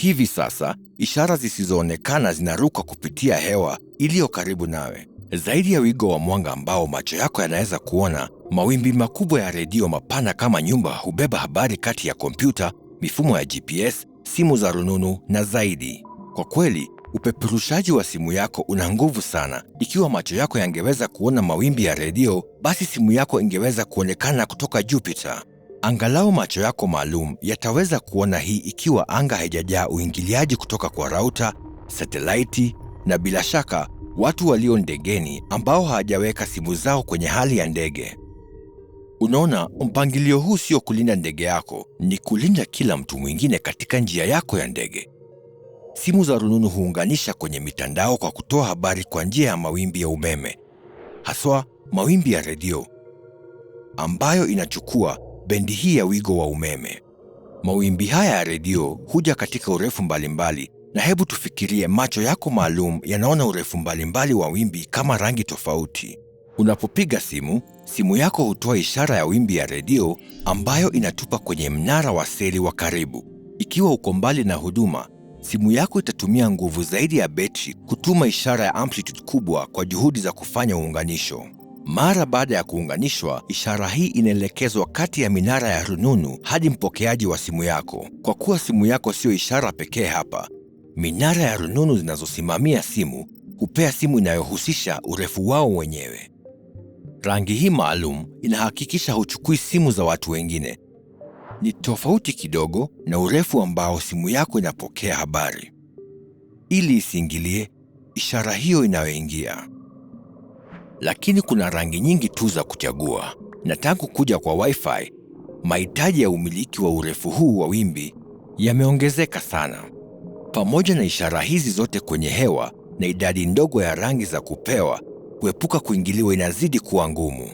Hivi sasa ishara zisizoonekana zinaruka kupitia hewa iliyo karibu nawe. Zaidi ya wigo wa mwanga ambao macho yako yanaweza kuona, mawimbi makubwa ya redio mapana kama nyumba hubeba habari kati ya kompyuta, mifumo ya GPS, simu za rununu na zaidi. Kwa kweli, upeperushaji wa simu yako una nguvu sana. Ikiwa macho yako yangeweza kuona mawimbi ya redio, basi simu yako ingeweza kuonekana kutoka Jupiter. Angalau macho yako maalum yataweza kuona hii ikiwa anga haijajaa uingiliaji kutoka kwa rauta, satelaiti na bila shaka watu walio ndegeni ambao hawajaweka simu zao kwenye hali ya ndege. Unaona, mpangilio huu sio kulinda ndege yako, ni kulinda kila mtu mwingine katika njia yako ya ndege. Simu za rununu huunganisha kwenye mitandao kwa kutoa habari kwa njia ya mawimbi ya umeme, haswa mawimbi ya redio, ambayo inachukua bendi hii ya wigo wa umeme. Mawimbi haya ya redio huja katika urefu mbalimbali mbali, na hebu tufikirie, macho yako maalum yanaona urefu mbalimbali mbali wa wimbi kama rangi tofauti. Unapopiga simu, simu yako hutoa ishara ya wimbi ya redio ambayo inatupa kwenye mnara wa seli wa karibu. Ikiwa uko mbali na huduma, simu yako itatumia nguvu zaidi ya betri kutuma ishara ya amplitude kubwa kwa juhudi za kufanya uunganisho. Mara baada ya kuunganishwa, ishara hii inaelekezwa kati ya minara ya rununu hadi mpokeaji wa simu yako. Kwa kuwa simu yako siyo ishara pekee hapa, minara ya rununu zinazosimamia simu hupea simu inayohusisha urefu wao wenyewe. Rangi hii maalum inahakikisha huchukui simu za watu wengine. Ni tofauti kidogo na urefu ambao simu yako inapokea habari. Ili isiingilie ishara hiyo inayoingia lakini kuna rangi nyingi tu za kuchagua, na tangu kuja kwa Wi-Fi mahitaji ya umiliki wa urefu huu wa wimbi yameongezeka sana. Pamoja na ishara hizi zote kwenye hewa na idadi ndogo ya rangi za kupewa, kuepuka kuingiliwa inazidi kuwa ngumu,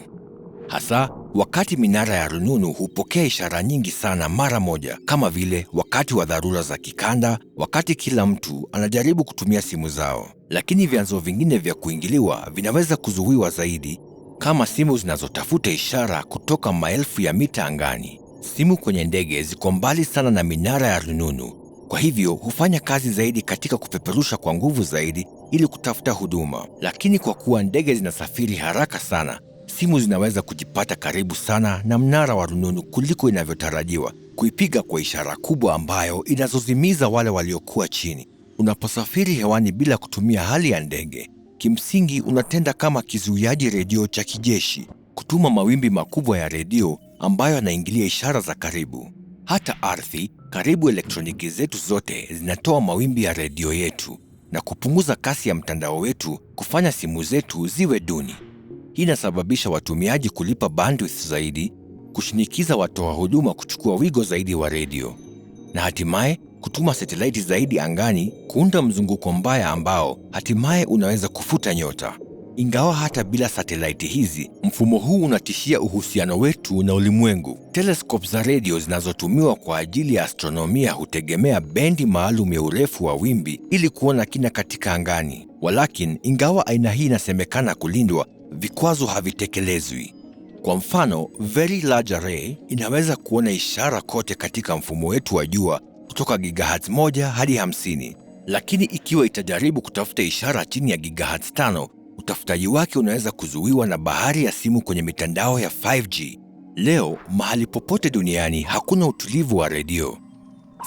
hasa Wakati minara ya rununu hupokea ishara nyingi sana mara moja, kama vile wakati wa dharura za kikanda, wakati kila mtu anajaribu kutumia simu zao. Lakini vyanzo vingine vya kuingiliwa vinaweza kuzuiwa zaidi, kama simu zinazotafuta ishara kutoka maelfu ya mita angani. Simu kwenye ndege ziko mbali sana na minara ya rununu, kwa hivyo hufanya kazi zaidi katika kupeperusha kwa nguvu zaidi ili kutafuta huduma. Lakini kwa kuwa ndege zinasafiri haraka sana simu zinaweza kujipata karibu sana na mnara wa rununu kuliko inavyotarajiwa, kuipiga kwa ishara kubwa ambayo inazozimiza wale waliokuwa chini. Unaposafiri hewani bila kutumia hali ya ndege, kimsingi unatenda kama kizuiaji redio cha kijeshi, kutuma mawimbi makubwa ya redio ambayo yanaingilia ishara za karibu. Hata ardhi, karibu elektroniki zetu zote zinatoa mawimbi ya redio yetu na kupunguza kasi ya mtandao wetu, kufanya simu zetu ziwe duni. Hii inasababisha watumiaji kulipa bandwidth zaidi, kushinikiza watoa huduma kuchukua wigo zaidi wa redio, na hatimaye kutuma satelaiti zaidi angani, kuunda mzunguko mbaya ambao hatimaye unaweza kufuta nyota. Ingawa hata bila satelaiti hizi, mfumo huu unatishia uhusiano wetu na ulimwengu. Teleskop za redio zinazotumiwa kwa ajili ya astronomia hutegemea bendi maalum ya urefu wa wimbi ili kuona kina katika angani. Walakin, ingawa aina hii inasemekana kulindwa, vikwazo havitekelezwi. Kwa mfano, very large array inaweza kuona ishara kote katika mfumo wetu wa jua kutoka gigahertz moja hadi hamsini, lakini ikiwa itajaribu kutafuta ishara chini ya gigahertz tano, utafutaji wake unaweza kuzuiwa na bahari ya simu kwenye mitandao ya 5G. Leo mahali popote duniani hakuna utulivu wa redio.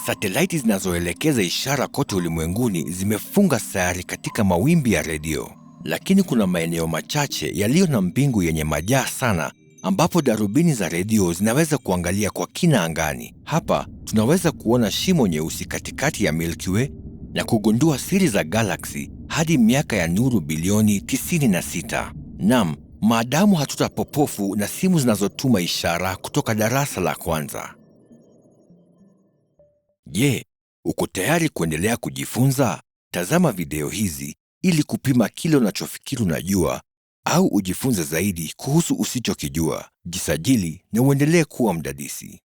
Satelaiti zinazoelekeza ishara kote ulimwenguni zimefunga sayari katika mawimbi ya redio lakini kuna maeneo machache yaliyo na mbingu yenye majaa sana ambapo darubini za redio zinaweza kuangalia kwa kina angani. Hapa tunaweza kuona shimo nyeusi katikati ya Milky Way na kugundua siri za galaksi hadi miaka ya nuru bilioni 96. Naam, maadamu hatuta popofu na simu zinazotuma ishara kutoka darasa la kwanza. Je, uko tayari kuendelea kujifunza? Tazama video hizi ili kupima kile unachofikiri unajua au ujifunze zaidi kuhusu usichokijua. Jisajili na uendelee kuwa mdadisi.